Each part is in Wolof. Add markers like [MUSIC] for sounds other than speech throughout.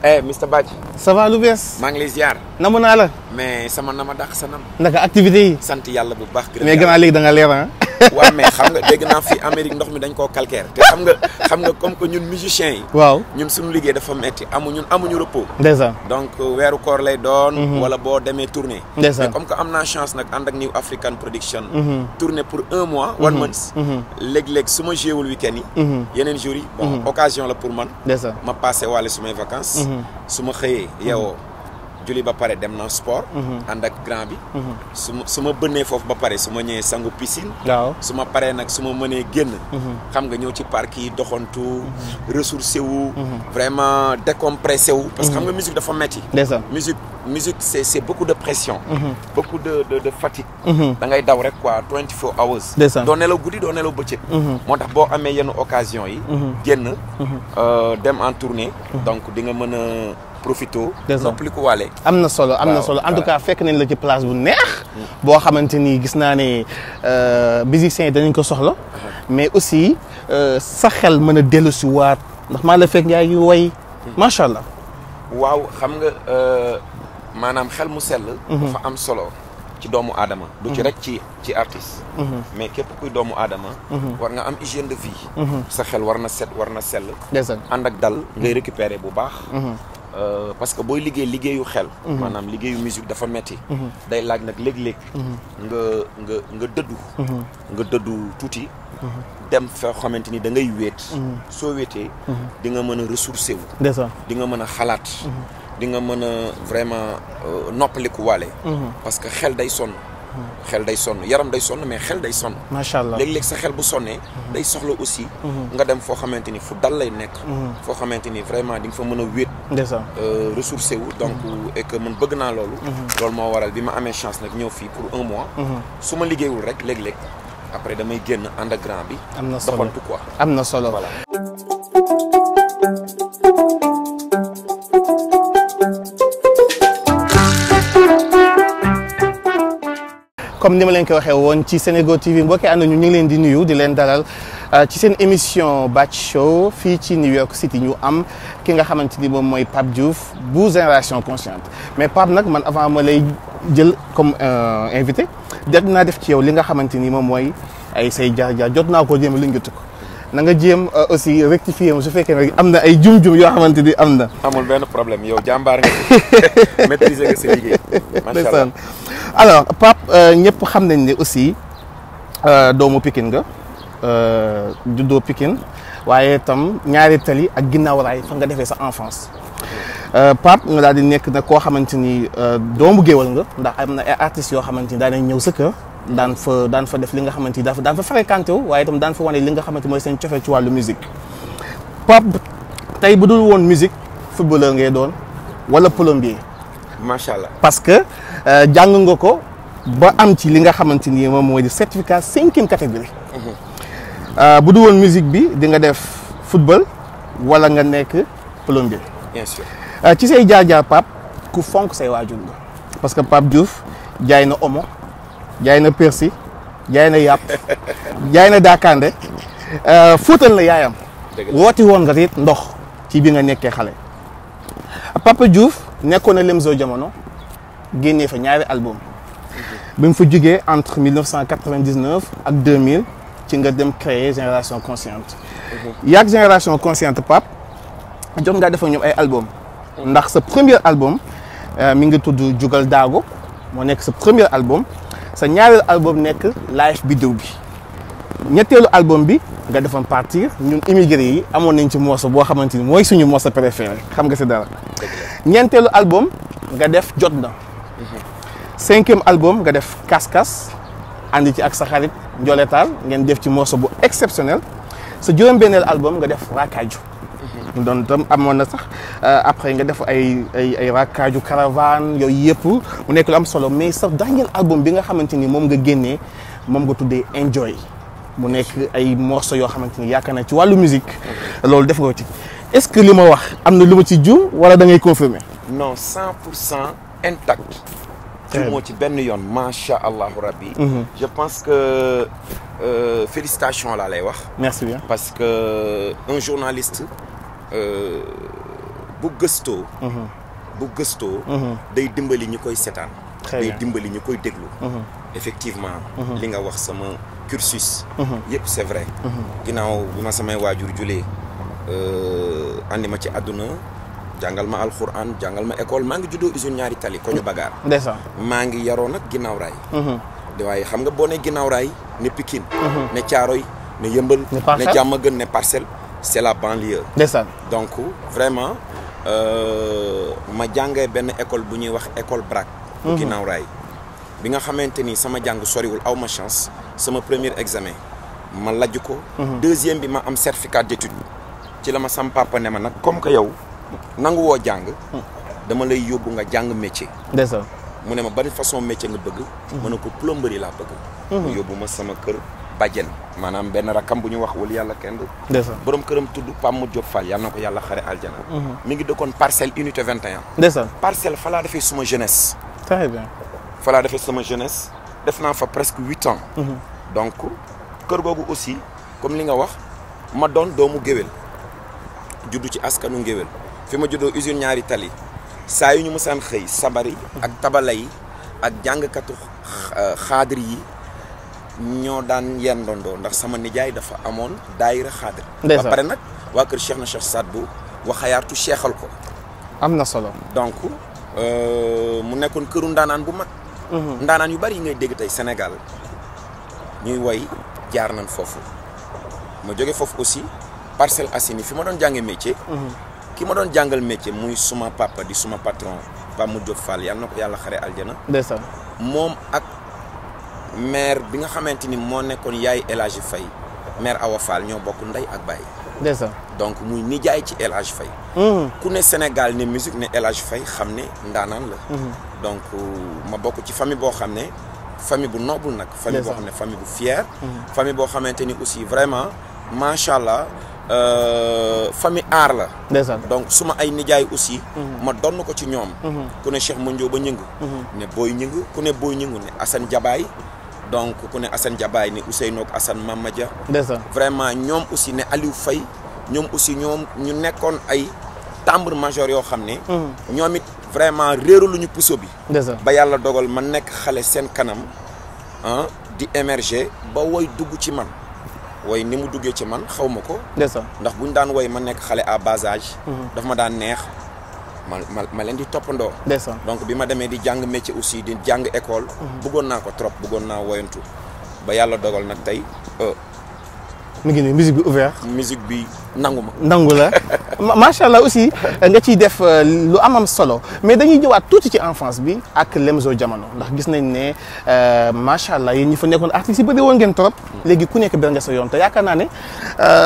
eh Mr Badji. ça va lu bees. maa ngi lay ziar. namu naa la. mais sama nama dàq sa nam. naka activité yi. sant yàlla bu baax. mais gannaaw léegi da nga leer ah. waaw [LAUGHS] mais xam nga dégg naa fii Amérique ndox mi dañ koo calcaire te xam nga xam nga comme que ñun musiciens yi. waaw ñun suñu liggéey dafa metti amu ñun amuñu repos. ndeysaan donc euh, weeru koor lay doon. Mhm. wala boo demee tournée. ndeysaan mais comme que am naa chance nag ànd ak New African Production. Mhm. tournée pour un mois. one mhm. month. léeg-léeg su ma jéewul week-end yi. yeneen jours yi. bon occasion la pour man. ma passé waale may vacances. su ma xëyee yeewoo. julli ba pare dem na sport. Mhm. ànd ak grand bi. Mhm. su ma su ma bënnee foofu ba pare su ma ñëwee sangu piscine. waaw su ma paree nag su ma mënee génn. Mhm. xam nga ñëw ci parc yi doxantu. ressourcé wu. vraiment décompressé wu. parce que xam nga musique dafa metti. musique musique c' est beaucoup de pression. beaucoup de de fatigue. da ngay daw rek quoi 24 hours. ndeysaan doo nelaw guddi doo nelaw bëccëg. moo tax boo amee yenn occasion yi. génn euh, dem en tournée. donc di nga profito noppaliku waale am na solo am na solo en tout cas fekk nañ la ci place bu neex boo xamante nii gis naa ne euh, musiciens yi danañ ko soxla uh-huh. mais aussi euh, sa xel mën a dellu si waat ndax maa la fekk yaa ngi woy hmm. macha allah waaw xam nga euh, maanaam xel mu sell hmm. dafa am solo ci doomu aadama du ci hmm. rek ci ci artiste mais képp kuy doomu aadama war nga am hygiène de vie sa xel war na set war sell ak dal ngay récupérer bu baax Euh, parce que booy liggéey liggéeyu xel. Mhm. maanaam liggéeyu musique dafa metti mhm. day laaj nag léeg-léeg. Mhm. nga nga nga dëddu. nga dëddu tuuti. dem foo xamante ni da ngay wéet. soo wéetee. di nga mën a ressourcer wu. di nga mën a xalaat. di nga mën a vraiment euh, noppalikuwaale. parce xel day sonn. xel day sonn yaram day sonn mais xel day sonn. macha allah léeg-léeg sa xel bu sonnee. Mhm. day soxla aussi. Mhm. nga dem foo xamante ni fu dal lay nekk. Mhm. foo xamante ni vraiment di fa mën a wéet. Euh, ressourcé wu donc et que man bëgg naa loolu. loolu moo waral bi ma amee chance nag ñëw fii pour un mois. su ma liggéeyul rek léeg-léeg après damay génn underground bi. am na solo doxantu quoi am na solo comme ni ma leen ko waxee woon ci Senego TV mbokki ànd ñu ngi leen di nuyu di leen dalal euh, ci seen émission Bath Show fii ci New York City ñu am ki nga xamante ni moom mooy Pape Diouf bu Génération Consciente mais Pape nag man avant ma lay jël comme euh, invité jot naa def ci yow li nga xamante ni moom mooy ay say jaar jaar jot naa ko jéem a lingatu ko na nga jéem euh, aussi rectifier ma su fekkee ne am na ay jum-jum yoo xamante ni am na. amul benn problème yow jàmbaar nga [LAUGHS] maîtriser nga euh, ñëpp xam nañ ne aussi euh, doomu Pikine nga juddoo Pikine waaye itam ñaari tali ak ginnaaw raay fa nga defee sa enfance. Pape nga daal di nekk nag koo xamante ni doomu géwal nga ndax am na ay artistes yoo xamante ni daanañ ñëw sa kër. daan fa daan fa def li nga xamante ni daan daan fa wu waaye itam daan fa wane li nga xamante mooy seen cofee ci wàllu musique pap tey bu dul woon musique footballeur ngay doon wala plombier. macha allah parce que euh, jàng nga ko ba am ci li nga xamante ni moom mooy di certificat cinquième catégorie. Mhm. Euh, bu dul woon musique bi di nga def football wala nga nekk plombier. bien sûr euh, ci say jaar-jaar pap ku fonk say waajur nga parce que Pape Diouf jaay na omo. jaay na persi jaay na yàpp jaay na daakaande euh, fuutal la yaayam. wooti woon nga it ndox ci bi nga nekkee xale. Papa Diouf nekkoon na Lemzo jamono génnee fa ñaari album bi mu fa jugee entre 1999 ak 2000 ci nga dem créer Génération Consciente. yaag Génération Consciente Pape jot ngaa defa ñoom ay album ndax sa premier album euh, mi ngi tudd Jugal Daago moo nekk sa premier album. sa ñaareelu album nekk live biddew bi ñetteelu album bi nga defoon partie ñun immigré yi amoon nañ ci morceau boo xamante ni mooy suñu morceau préféré xam nga si dara ñeenteelu album nga def jot na cinquième album nga def kas-kas àndi ci ak sa xarit njoletaal ngeen def ci morceau bu exceptionnel sa juróom-benneelu album nga def raakaaju doon tam amoon na sax euh, après nga def ay ay ay rakkaaju caravane yooyu yëpp mu nekk lu am solo mais sax dernier album bi nga xamante ni moom nga génnee moom nga tuddee enjoy mu nekk ay morceaux yoo xamante ni yaakaar naa ci wàllu musique loolu def nga ci est-ce que li ma wax am na lu ma ci ju wala da ngay confirmer. non 100 pour cent intact. moo ci benn yoon macha allahu rabbi. Mhm. je pense que euh, félicitations laa lay wax. merci bien parce que un journaliste. Euh, bu gëstoo. Uh-huh. bu gëstoo. Uh-huh. day dimbali ñi koy seetaan. day dimbali ñi koy déglu. Uh-huh. effectivement. li nga wax sama cursus. yëpp c'est vrai. ginnaaw ma samay waajur julee euh, andi ci àdduna jàngal ma alxuraan jàngal ma école maa ngi juddoo usine ñaari tali ko ñu bagaar. ndeysaan maa ngi yaroo nag ginnaaw raay. waaye xam nga boo ne ginnaaw raay ne Pikine. ne Caaroy ne Yëmbal. ne Parcelles ne Jàmmagën ne Parcelles. c'est la banlieue. ndeysaan donc vraiment euh, ma jàngee benn école bu ñuy wax école BRAC. bu mhm. ginnaaw raay bi nga xamante ni sama jàng soriwul aw ma chance sama premier examen ma lajj ko. Mhm. deuxième bi ma am certificat d'étude ci la ma sam papa ne ma nag comme que yow nangu woo jàng. Mhm. dama lay yóbbu nga jàng métier. mu ne ma bari façon métier nga bëgg. mu ne ko plomberie laa bëgg. mu yóbbu ma sama kër. bàjjen maanaam benn rakkam bu ñu wax wala yàlla kenn borom këram tudd Pam Modou Diop Fall yàlla na ko yàlla xare aljana mhm. mi ngi dëkkoon parcelle unité 21 ndeysaan parcelle falaa defee suma jeunesse très bien falaa defee sama jeunesse def naa fa presque huit ans mhm. donc kër googu aussi comme li nga wax ma doon doomu géwél juddu ci askanu géwél fi ma juddoo usine ñaari tali saa yu ñu mësaan xëy sabari ak tabala yi ak jàngkatu euh, xaadir yi ñoo daan yendandoo ndax sama nijaay dafa amoon daayira xaadir ba pare nag waa kër Cheikh na Cheikh Saad Bou waxayaatu seexal ko am na solo donc euh, mu nekkoon këru ndaanaan bu mag mhm. ndaanaan yu bari yi ngay dégg tey Sénégal ñuy woy jaar nañ foofu ma jóge foofu aussi Parcelles Assainies fi ma doon jànge métier mhm. ki ma doon jàngal métier muy suma papa di suma patron Pape mu Diop Fall yàlla na ko yàlla xare aljana moom ak maire bi nga xamante ni moo nekkoon yaay El Hadj Faye maire Awa ñoo bokk ndey ak baay. sa donc muy nijaay ci El fay mhm. ku ne Sénégal ne musique ne El Hadj xam ne ndaanaan la. Mhm. donc euh, ma bokk ci famille boo xam ne famille bu noble nag. famille boo bu fière. Mhm. famille boo xamante ni aussi vraiment macha allah. Euh, famille aar la. donc suma ay nijaay aussi. ma donn ko ci ñoom. ku ne Cheikh Mandiou ba ñëng. ne Boy ñëng ku ne Boy ñëng ne Assane Jabaay. donc ku ne Assane Diabaye ni Ousseynou ak Assane Mama Dia vraiment ñoom aussi ne Aliou fay ñoom aussi ñoom ñu nekkoon ay tambour major yoo xam ne mhm. ñoom it vraiment réeru lu ñu puso bi ba yàlla dogal ma nekk xale seen kanam ah di émerger ba woy dugg ci man woy ni mu duggee ci man xaw ma ko ndax bu ñu daan woy ma nekk xale à bas mhm. daf ma daan neex ma ma ma leen di toppandoo. donc bi ma demee di jàng métier aussi di jàng école. Mhm. bëggoon naa ko trop bëggoon naa woyantu ba yàlla dogal nag tey. Euh, mu ngi nii bi ouvert. musique bi nangu ma. nangu la [LAUGHS] macha allah aussi euh, nga ciy def euh, lu am solo mais dañuy ñëwaat tuuti ci enfance bi ak Lemzo Jamono ndax gis nañ ne euh, macha allah yéen ñi fa nekkoon artistes yi bëri woon ngeen trop. ku nekk benn nga sa yoon te yaakaar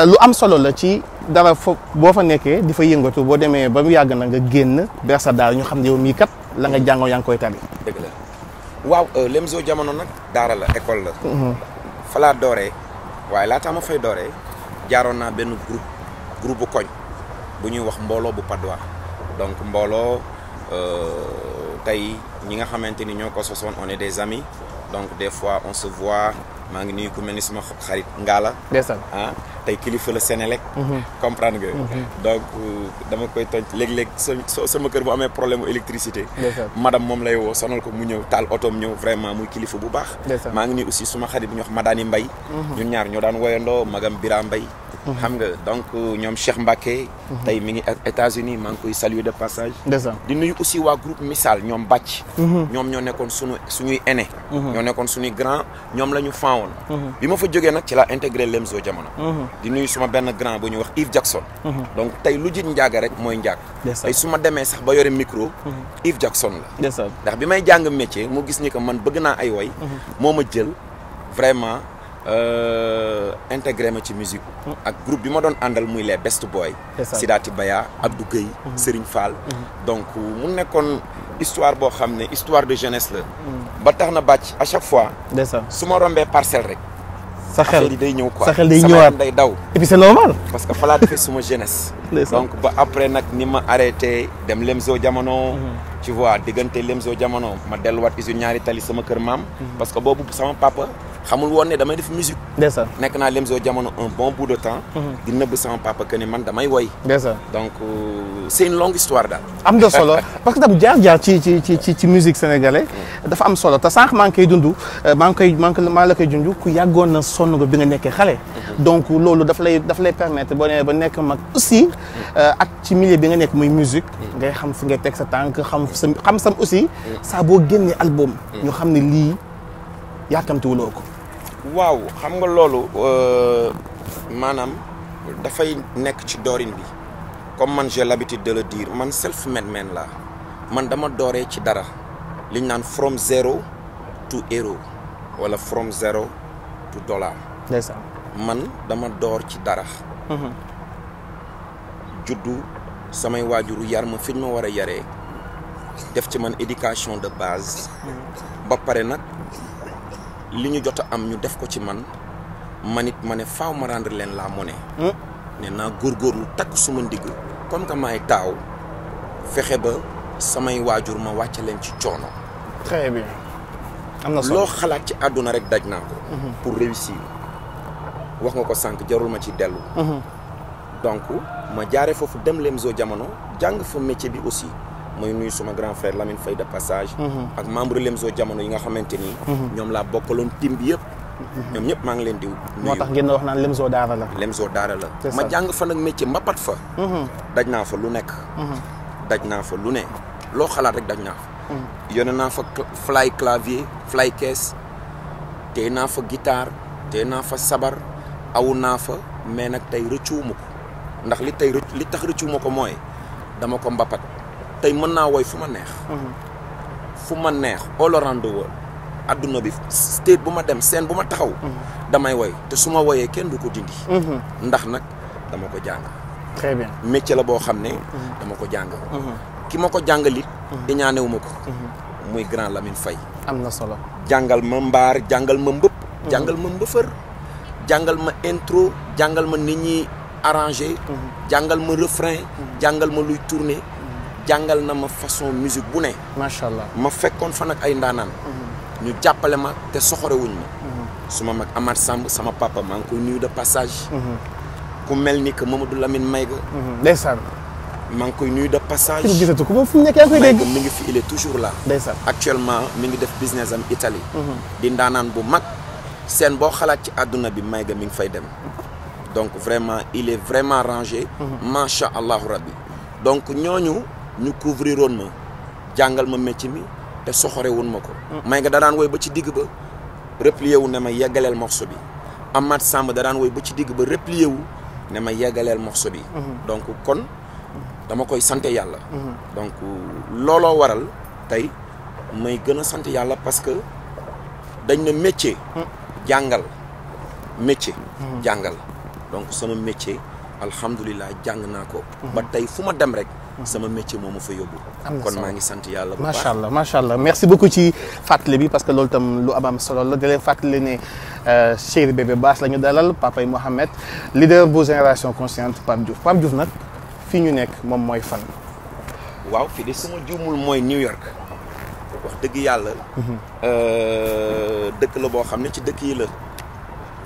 lu am solo la ci dara fo boo fa nekkee di fa yëngatu boo demee ba mu yàgg na nga génn ber sa daal ñu xam ne mii kat la nga jàngoo yaa ngi koy tari. waaw Lemzo Jamono nag daara la école la. Mm-hmm. fa dooree. waaye laataa ma fay dooree jaaroon naa benn groupe groupe bu koñ bu ñuy wax mbooloo bu Patte d'Oie donc mbooloo euh, tey ñi nga xamante ni ñoo ko sosoon on des amis donc des fois on se voit maa ngi nuyu ku mel ni sama xarit Ngala. ndeysaan ah tey kilifa la Sénélec. Mhm. comprendre nga. Mhm. donc euh, dama koy toj léeg-léeg sa sama kër bu amee problème mu électricité. madame moom lay woo sonal ko mu ñëw taal otoom ñëw vraiment muy kilifa bu baax. maa ngi nuyu aussi suma xarit bu ñuy wax Madani Mbay. Mhm. ñun ñaar ñoo daan euh, koy saluer de passage. di nuyu aussi waa groupe Missal ñoom Bàcc. ñoom ñoo nekkoon suñuy aîné. ñoo nekkoon suñuy grand ñoom la ñu woon mhm. bi ma fa jógee nag ci laa intégré Lemzo jamono mhm. di nuyu suma benn grand bu ñuy wax Yves Jackson mhm. donc tey lu jiit njaaga rek mooy njaag tey su ma demee sax ba yore micro Yves Jackson la ndax bi may jàng métier moo gis ni que man bëgg naa ay woy moo ma jël vraiment euh, intégré ma ci musique ak groupe bi ma doon àndal muy les best boy Sidaati Baya Abdou Gueye Serigne Fall donc mu nekkoon histoire boo xam ne histoire de jeunesse la. ba tax na bàcc à chaque fois. ndeysaan su ma rombee parcelle rek. sa xel day ñëw quoi sa xel day ñëwaat day daw. et puis c'est normal. parce que fa laa defee suma jeunesse. [LAUGHS] donc ba après nag ni ma arrêté dem Lemzo jamono. Mhm. tu vois diggante Lemzo jamono ma delluwaat usine ñaari tali sama kër maam. Mhm. parce que boobu sama papa. xamul woon ne damay def musique. ndeysaan nekk naa Lemzo jamono un bon bout de temps. Mhm. di nëbb sama papa que ni man damay woy. ndeysaan donc euh, c' est une longue histoire daal. am solo [LAUGHS] parce que tam jaar jaar ci ci ci ci ci musique sénégalais mm. dafa am solo te sànq maa ngi koy dund euh, maa ngi koy maa la koy junj ku yàggoon na sonn bi nga nekkee xale. Mm-hmm. donc loolu daf lay daf lay permettre boo nee ba nekk mag aussi euh, ak ci milieu bi nga nekk muy musique. Mm. ngay xam fi ngay teg sa tànk xam sa xam sam aussi mm. saa boo génnee album. ñu xam ne lii yàkkamtiwuloo ko. waaw xam nga loolu euh, maanaam dafay nekk ci doorin bi comme man j'ai l'habitude de le diir man self made man laa man dama dooree ci dara liñ naan from zero to hero wala from zero to dollar man dama door ci dara mhm. juddu samay waajuru yar ma fi ma war a yaree def ci man éducation de base mhm. ba pare nag li ñu jot am ñu def ko ci man ma manit ma ne faaw ma rendre leen la monnaie. Hmm? ne naa lu takk suma ndigg comme que maay taaw fexe ba samay waajur ma wàcc leen ci coono. très bien. am loo xalaat ci àdduna rek daj naa ko. Hmm. pour réussir wax nga ko sànq jarul ma ci dellu. Hmm. donc ma jaare foofu dem Lemzo Jamono jàng fa métier bi aussi. mooy nuyu suma grand frère Lamine Faye de passage mhm. ak membre Lemzo jamono yi nga xamante nii mhm. ñoom laa bokkaloon tim bi yëpp mhm. ñoom ñëpp maa ngi leen di moo tax ngeen wax naan Lemzo daara la Lemzo daara la ma jàng fa nag métier mbapat fa daj naa fa lu nekk daj naa fa lu ne loo xalaat rek daj naa fa yone naa fa fly clavier fly caisse tey naa fa guitare tey naa fa sabar aw naa fa mais nag tey rëccuwuma ko ndax li tey li tax rëccuwuma ko mooy dama ko tey mën naa woy fu ma neex. Mhm. fu ma neex all around the world adduna bi state bu ma dem scène bu ma taxaw. Mhm. damay woy te su ma woyee kenn du ko dindi. Mhm. ndax nag dama ko jàng. très bien la boo xam ne. dama ko jàng. ki ma ko jàngalit. iñaanewu ma ko. muy grand Lamine Faye. am na solo jàngal ma mbaar jàngal ma mbëpp. jàngal ma mbëfër. jàngal ma intro jàngal ma nit ñi arrangé. jàngal ma refrain. jàngal ma luy tourner. jàngal na ma façon musique bu ne. macha allah ma fekkoon fa nag ay ndaanaan. Mhm. ñu jàppale ma te soxorewuñ ma. Mhm. su ma mag Amar Samb sama papa maa ngi koy nuyu de passage. Mhm. ku mel ni que Mamadou Lamine Mayga. ndeysaan. maa ngi koy nuyu de passage. fi mu ko moom fu mu nekk yaa koy mi ngi fi il est toujours là. ndeysaan actuellement mi ngi def business am Italie. di ndaanaan bu mag. seen boo xalaat ci àdduna bi Mayga mi ngi fay dem. donc vraiment il est vraiment rangé. macha allahu rabbi donc ñooñu. ñu couvriroon ma jàngal ma métti mi te soxore wun ma ko. may nga da daan woy ba ci digg ba replié wu ne ma yeggaleel morceau bi Amath Samb da woy ba ci digg ba replié wu ne ma yeggaleel morceau bi. Mhm. donc kon dama koy sant yàlla. Mhm. donc looloo waral tey may gën a sant yàlla parce que dañ na métier. Mhm. jàngal métier. jàngal donc sama métier alhamdulilah jàng naa ko. ba tey fu ma dem rek. sama métier moo ma fa yóbbu. kon maa ngi sant yàlla bu baax macha allah macha allah merci beaucoup ci fàttali bi parce que loolu tam lu am am solo la di leen fàttali ne euh, Chéri Bébé Bass la ñu dalal papay Mohamed leader bu génération consciente Pape Diouf Pape Diouf nag fii ñu nekk moom mooy fan. waaw fii de sama juumul mooy New York. wax dëgg yàlla. Mhm. Euh, dëkk la boo xam ne ci dëkk yi la.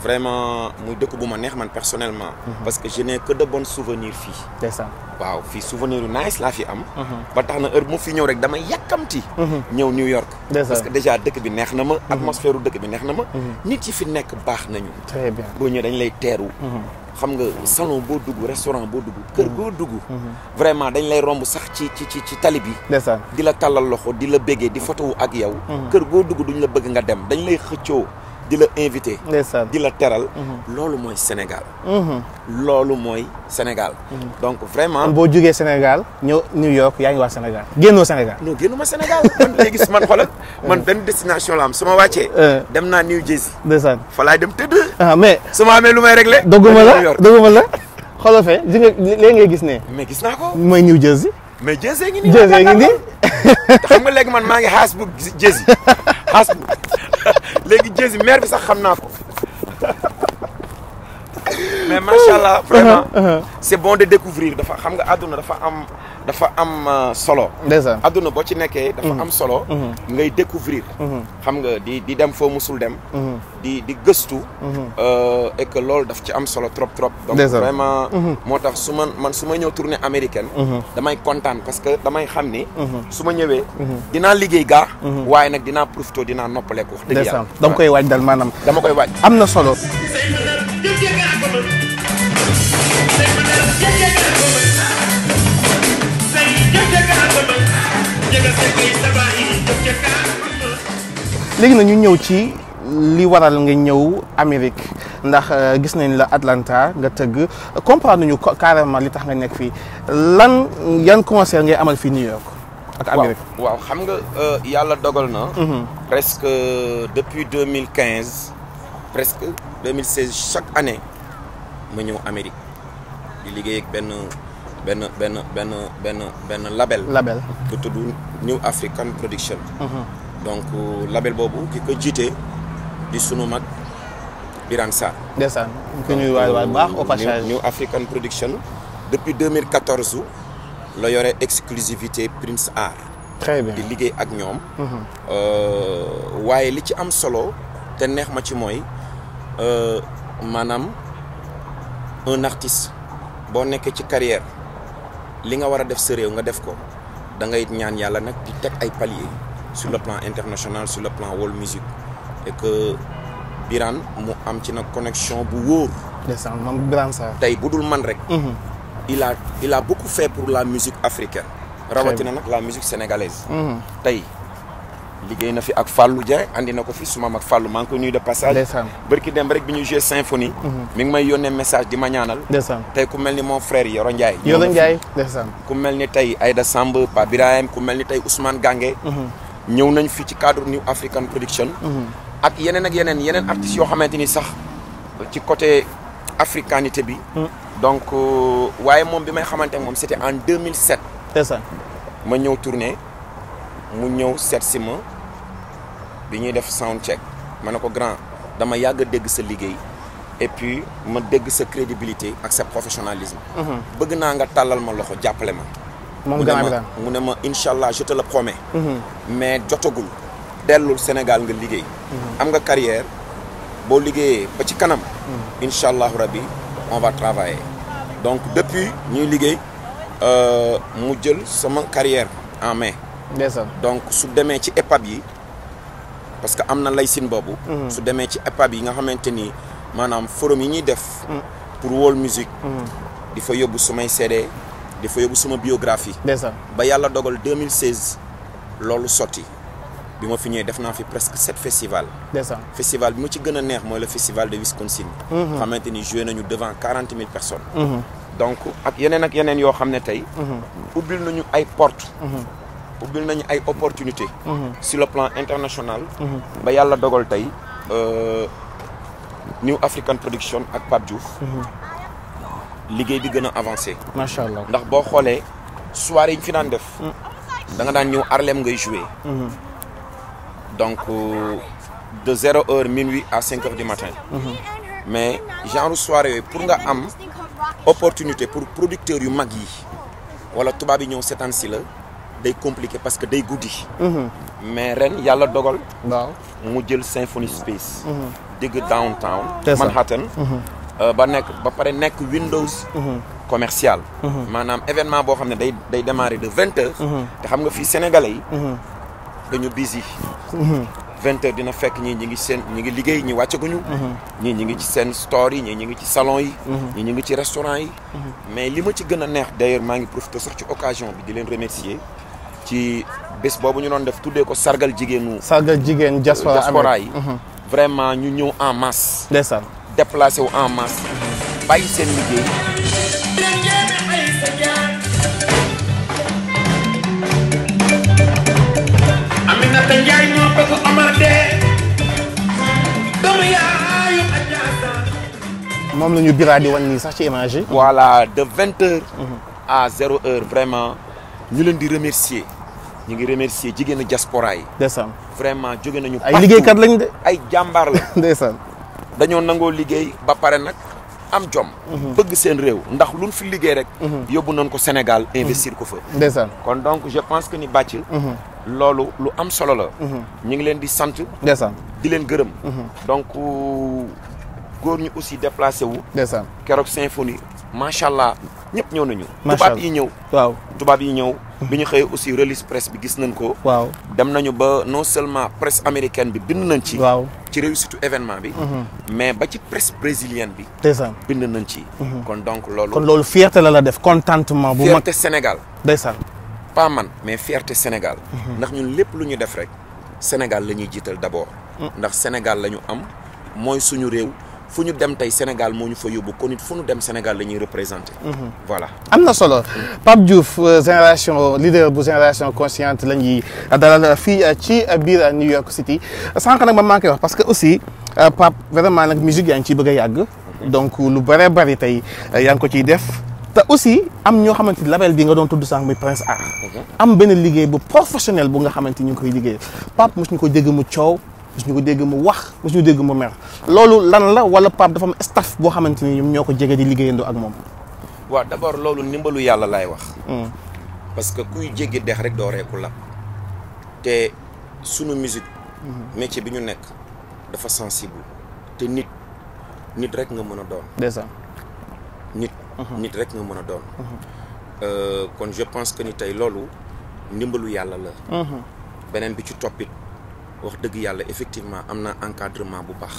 vraiment muy dëkk bu ma neex man personnellement. Mhm. parce que je n'ai que de bons souvenirs fii. c'est waaw fii souvenirs nice laa fi am. Mhm. ba tax na heure bu ma fi ñëw rek dama yàkkamti. Mhm. ñëw New York. parce que déjà dëkk bi neex na ma. atmosphère dëkk bi neex na ma. nit yi fi nekk baax nañu. très bien boo ñëwee dañ lay teeru. xam nga salon boo dugg restaurant boo dugg kër boo dugg vraiment dañ lay romb sax ci ci ci ci tali bi di la tàllal loxo di la béggee di fotowu ak yow kër boo dugg duñ la bëgg nga dem dañ di la invité. di la teral. Mhm. loolu mooy Sénégal. Mhm. loolu mooy Sénégal. Mhm. donc vraiment. boo jógee Sénégal ñëw New York yaa ngi waa Sénégal génnoo Sénégal. non génnuma Sénégal man léegi su man xoolal man benn destination la am su ma wàccee. Euh. dem naa New Jersey. ndeysaan fa laay dem tëdd. ah mais su ma amee lu may réglé. dogguma la dogguma la xoolal fee di nga ngay gis ne. mais gis naa ko. mooy New Jersey. mais Jersey ngi nii. Jersey ngi nii. [LAUGHS] xam nga léegi man maa ngi Hasbrouck Jersey Hasbrouck. léegi Jési maire bi sax xam naa ko. mais macha allah uh-huh, vraiment. Uh-huh. c'est bon de découvrir dafa xam nga àdduna dafa am dafa am euh, solo. dèjà àdduna boo ci nekkee. dafa uh-huh. am solo. ngay découvrir xam nga di di dem foo mosul dem. di di gëstu. Euh, et que loolu daf ci am solo trop trop. donc vraiment. moo tax su ma man su ma ñëw tournée américaine. damay kontaan parce que damay xam ni. su ma ñëwee. dinaa liggéey gaa. waaye nag dinaa profité dinaa noppaleeku wax dëgg yàlla. dama koy waaj dal maanaam. dama koy waaj am na solo. léegi na ñu ñëw ci li waral nga ñëw Amérique ndax euh, gis nañ la Atlanta nga tëgg comprendre ñu carrément li tax nga nekk fii lan yan concert ngay amal fii New York ak Amérique waaw xam nga euh, yàlla dogal na mhm. presque euh, depuis deux mille quinze presque deux mille seize chaque année ma ñëw Amérique di liggéey ak benn benn benn benn benn benn label. label bu tudd New African Production. Mhm. donc euh, label boobu ki ko jiite di sunu mag Birane Sarr. ndeysaan ñu ko ñuy waay waay baax au passage. New African depuis la yore exclusivité Prince Art. très bien di liggéey ak ñoom. Mhm. Euh, waaye li ci am solo te neex ma ci mooy euh, maanaam. un artiste boo nekkee ci carrière li nga war a def sa réew nga def ko da ngay ñaan yàlla nag di teg ay paliers sur le plan international sur le plan world music et que Birane mu am ci nag connexion bu wóor. ndeysaan tey bu dul man rek. Mhm. il a il a pour la musique africain rawatina nag la musique sénégalaise. Mhm. tey. liggéey na fi ak Fallou Dieng andi na ko fi suma mag Fallou maa ngi ko nuyu de passage. ndeysaan barki dem rek bi ñu joué symphonie. Mhm. mi may yónnee message di ma ñaanal. tey ku mel ni mon frère Yoro Ndiaye. ku mel ni tey Aïda Samb Pa Birahim ku mel ni tey Ousmane Gange. Mhm. ñëw nañ fi ci cadre New African Production. Mhm. ak yeneen ak yeneen yeneen artistes yoo xamante ni sax ci côté africanité bi. donc euh, waaye moom bi may xamante moom c'était en 2007. c'est ça ma ñëw tourné si bi ñuy def sound check ma ko grand dama yàgg a dégg sa liggéey et ma dégg sa crédibilité ak sa professionnalisme. Mhm. bëgg naa nga tàllal ma loxo jàppale ma. moom grand bi daal ma incha allah je te le mhm. mais jotagul dellul Sénégal nga liggéey. Mhm. am nga carrière boo liggéeyee ba ci kanam. incha allahu rabbi on va travailler. donc depuis ñuy liggéey euh, mu jël sama carrière en main. donc su demee ci EPAB yi. parce que am na laysin boobu. Mm-hmm. su demee ci EPAB yi nga xamante ni maanaam forum yi ñuy def. Mm-hmm. pour World Music. Mm-hmm. di fa yóbbu sumay CD di fa yóbbu suma biographie. ba yàlla dogal 2016 loolu sotti. bi ma fi ñëwee def naa fi presque sept festival festival bi ma ci gën a neex mooy le festival de Wisconsin. xamante ni joué nañu devant quarante mille personnes. donc ak yeneen ak yeneen yoo xam ne tey. ubbil nañu ay portes. ubbil nañu ay opportunité mhm. si le plan international. Mhm. ba yàlla dogal tey euh, New African Production ak Pape Diouf. Mhm. liggéey bi gën a avancé. macha allah ndax boo xoolee soirée yi ñu fi daan def. Mm. da nga daan ñëw Harlem ngay joué. donc euh, de zéro heure minuit à cinq heures du matin. mais genre soirée yooyu pour nga am opportunité pour producteurs yu mag yi wala tubaab yi ñëw seetaan si la. day compliqué parce que day guddi. Mhm. mais ren yàlla dogal. waaw mu jël symphony space. Mhm. digg downtown. Manhattan. Mhm. Euh, ba nekk ba pare nekk Windows. commercial. maanaam événement boo xam ne day day démarrer de vingt te xam nga fii sénégalais yi. dañu busy. vingt heures dina fekk ñii ñi ngi seen ñi ngi liggéey ñi wàccaguñu. ñii ñi ngi ci seen store yi ñii ñi ngi ci salon yi. ñii ñi ngi ci restaurant yi. mais li ma ci gën a neex d'ailleurs maa ngi profité sax ci occasion bi di leen remercier. ci bés boobu ñu doon def tuddee ko sargal jigéenu. sargal jigéen diaspora yi mhm. ñu ñëw en masse. ndeysaan déplacé wu en masse. bàyyi seen liggéey. Aminata moo bëgg Omar dee. moom la ñu bira nii sax ci image yi. de vingt heures. Mhm. à zéro heure vraiment. ñu leen di remercier ñu ngi remercier jigéenu diaspora yi. ndeysaan vraiment jóge nañu. ay liggéeykat lañ de ay la. [LAUGHS] ndeysaan dañoo nangoo liggéey ba pare nag am jom. Mhm. bëgg seen réew ndax luñ fi liggéey rek. Mhm. yóbbu nañ ko Sénégal mhm. investir ko fa. ndeysaan kon donc je pense que ni bàcc. loolu lu am solo la. ñu ngi leen di sant. ndeysaan di leen gërëm. donc euh, góor ñu aussi déplacé wu. ndeysaan keroog symphonie macha allah. ñëpp ñëw nañu. tubaab yi ñëw. waaw tubaab yi ñëw. bi ñu xëyee aussi release presse bi gis nañ ko. waaw dem nañu ba non seulement presse américaine bi bind nañ ci. waaw ci réussite événement bi. Mhm. mais ba ci presse brésilienne bi. ndeysaan bind nañ ci. Mhm. kon donc loolu. kon loolu fierté la def contentement. bu mag fierté Sénégal. ndeysaan pas man mais fierté Sénégal. Mhm. ndax ñun lépp lu ñu def rek. Sénégal la ñuy jiital d' abord. Mm. ndax Sénégal la ñu am mooy suñu réew. fu ñu dem tey Sénégal moo ñu fa yóbbu kon it fu dem Sénégal la ñuy représenté. Mhm. voilà am na solo Pape Diouf euh, génération leader bu génération consciente la ñuy dalal fii euh, ci biir a New York City sànq nag ma maa koy wax parce que aussi euh, Pape vraiment nag musique yaa ngi ciy bëgg a donc lu bare bëri tey yaa ngi ko ciy def. te aussi am ñoo xamante ni label bi nga doon tudd sànq muy Prince Art. Mhm. am benn liggéey bu professionnel bu nga xamante ñu ngi koy liggéey Pape mos ñu ko mu coow. mës ñu ko dégg mu wax mës ñu dégg mu mer loolu lan la wala Pape dafa am staff boo xamante ni ñoom ñoo ko jege di liggéeyandoo ak moom. waaw d'abord loolu ndimbalu yàlla wax. Hmm. parce que kuy jéggi dex rek doo reeku la te sunu musique. Hmm. métier bi ñu nekk dafa sensible te nit nit rek nga mën a doon. déjà nit. Hmm. nit rek nga mën a doon. Euh, kon je pense que ni tey loolu ndimbalu yàlla la. beneen bi ci toppit wax dëgg yàlla effectivement am na encadrement bu baax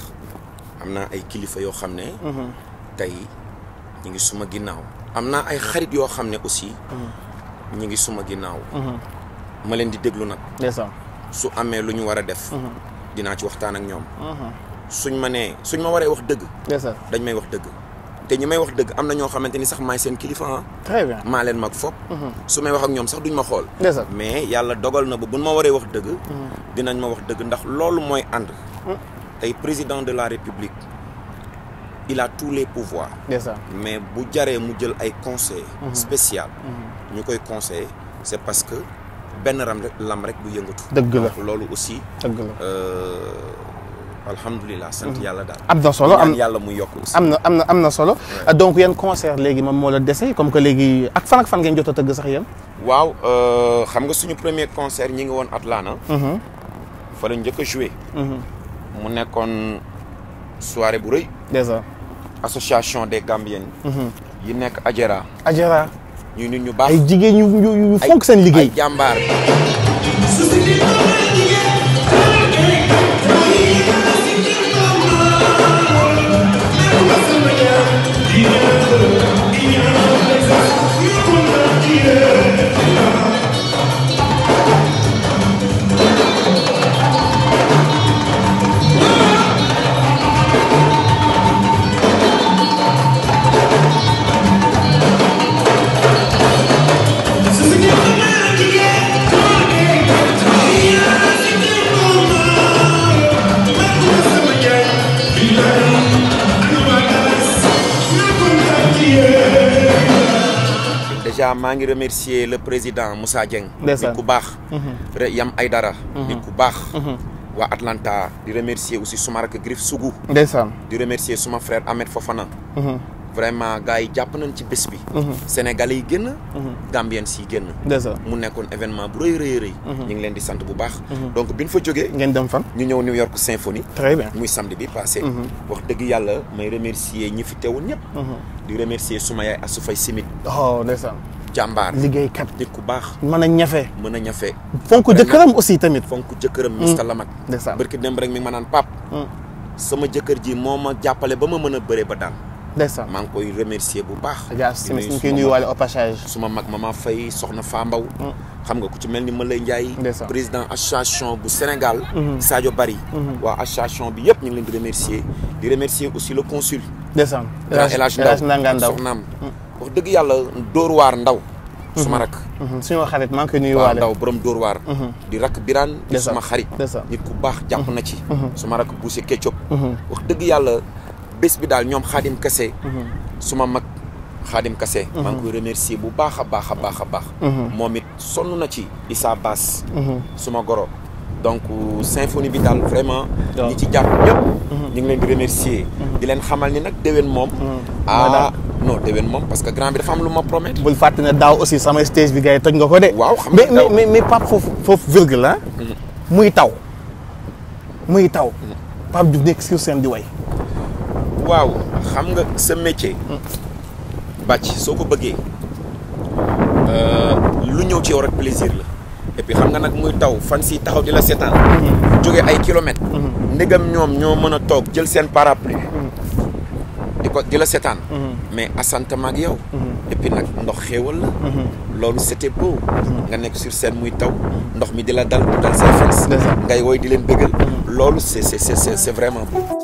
am naa ay kilifa yoo xam ne mhm. tey ñu ngi suma ginnaaw am na ay xarit yoo xam ne aussi mhm. ñu ngi suma ginnaaw mhm. ma leen di déglu nag su amee lu ñu war a def dinaa ci waxtaan ak ñoom suñ ma nee suñ ma waree wax dëgg dañ may wax dëgg te ñi may wax dëgg am na ñoo xamante ni sax maay seen kilifa ah. très bien maa leen mag fop mhm. su may wax ak ñoom sax duñ ma xool. mais yàlla dogal na ba buñ ma waree wax dëgg. Mhm. dinañ ma wax dëgg ndax loolu mooy ànd. Mhm. tey président de la république il a tous les pouvoirs. mais bu jaree mu jël ay conseil spécial. ñu koy conseillé c'est parce que benn ram rek lam rek bu yëngatu. dëgg la loolu aussi. dëgg la. Euh, alhamdulilah sant mhm. yàlla daal. am na solo am yàlla muy yokk aussi. am na am na am na solo. Euh, donc yan concert léegi moom moo la dese comme que léegi ak fan ak fan ngeen jot a tëgg sax yéen. waaw euh, xam nga suñu premier concert ñi ngi woon Atlanta. Mhm. fa la njëkk a mhm. mu nekkoon soirée bu rëy. déjà. association des Gambiens. yi nekk Ajera. Ajera. ñu nit ñu baax ay jigéen ñu ñu fonk seen liggéey maa ngi remercier la président Moussa Dieng. nit ku baax. Mhm. Yam Aydara. Mhm. nit ku baax. Mhm. waa Atlanta di remercier aussi suma rakk Griff Sougou. ndeysaan di remercier suma frère Ahmed Fofana. vraiment gars yi jàpp nañ ci bés bi. Sénégalais yi génn. Gambien si génn. mu nekkoon événement bu rëy rëy rëy. ñu ngi leen di sant bu baax. donc bi ñu fa jógee. ngeen dem fan. ñu ñëw New York Symphony. très muy samedi bi passé. wax dëgg yàlla may remercier ñi fi teewoon ñëpp. di remercier suma yaay Asou Faye jàmbaar liggéeykat nit ku baax mën a ñafe mën a ñafe fonk jëkkëram aussi tamit fonk jëkkëram mista mm. lamat barki dem rek mi ma naan pap mm. sama jëkkër ji moo ma jàppale ba ma mën a bëree ba daan ndeysaan maa ngi koy remercier bu baax ah, ñu koy nuyuwaale au passage suma mag mama fay soxna Fambaw mm. xam nga ku ci mel ni Malay Ndiaye président association bu Sénégal mm-hmm. Sadio Bari mm-hmm. waa association bi yëpp ñu ngi leen di remercier di remercier aussi le consul ndeysaan El Hadj Ndaw dëgg yàlla Dóor waar Ndaw. suma mhm. rak. Mhm. suñu xarit maa ngi koy nuyuwaale Ndaw borom Dóor mhm. di rak Birane di suma xarit. nit ku baax jàpp na ci. suma rak Bousse Ketchup. wax dëgg yàlla bés bi daal ñoom xaadim kase. suma mag xaadim kase. maa ngi koy remercier bu baax a baax a baax a baax. moom it sonn na ci Issa Bass. suma goro. donc symphonie bi daal vraiment. ñi ci jàpp ñëpp. ñu ngi leen di di leen xamal ni nag déwén moom. ah non déwén moom parce que grand bi dafa am lu ma promettre. bul fàtte ne daaw aussi sama stage bi gars yi toj nga ko de. waaw xam nga mais mais mais Pape foofu foofu mhm. muy taw. muy taw. Mhm. Pape Diouf nekk si seen di way. waaw xam nga sa métier. Mhm. bàcc soo ko bëggee euh, lu ñëw ci yow rek plaisir la et puis xam nga nag muy taw fan si taxaw di la seetaan. jóge ay kilomètres. ndegam ñoom ñoo mën a toog jël seen parapluie. ko di la seetaan. Mhm. mais asantama ak yow. Mhm. et puis nag ndox xéewal la. Mhm. loolu c'était beau. nga nekk sur seen muy taw. ndox mi di la dal dal say fans. ngay woy di leen bëggal. loolu c'est vraiment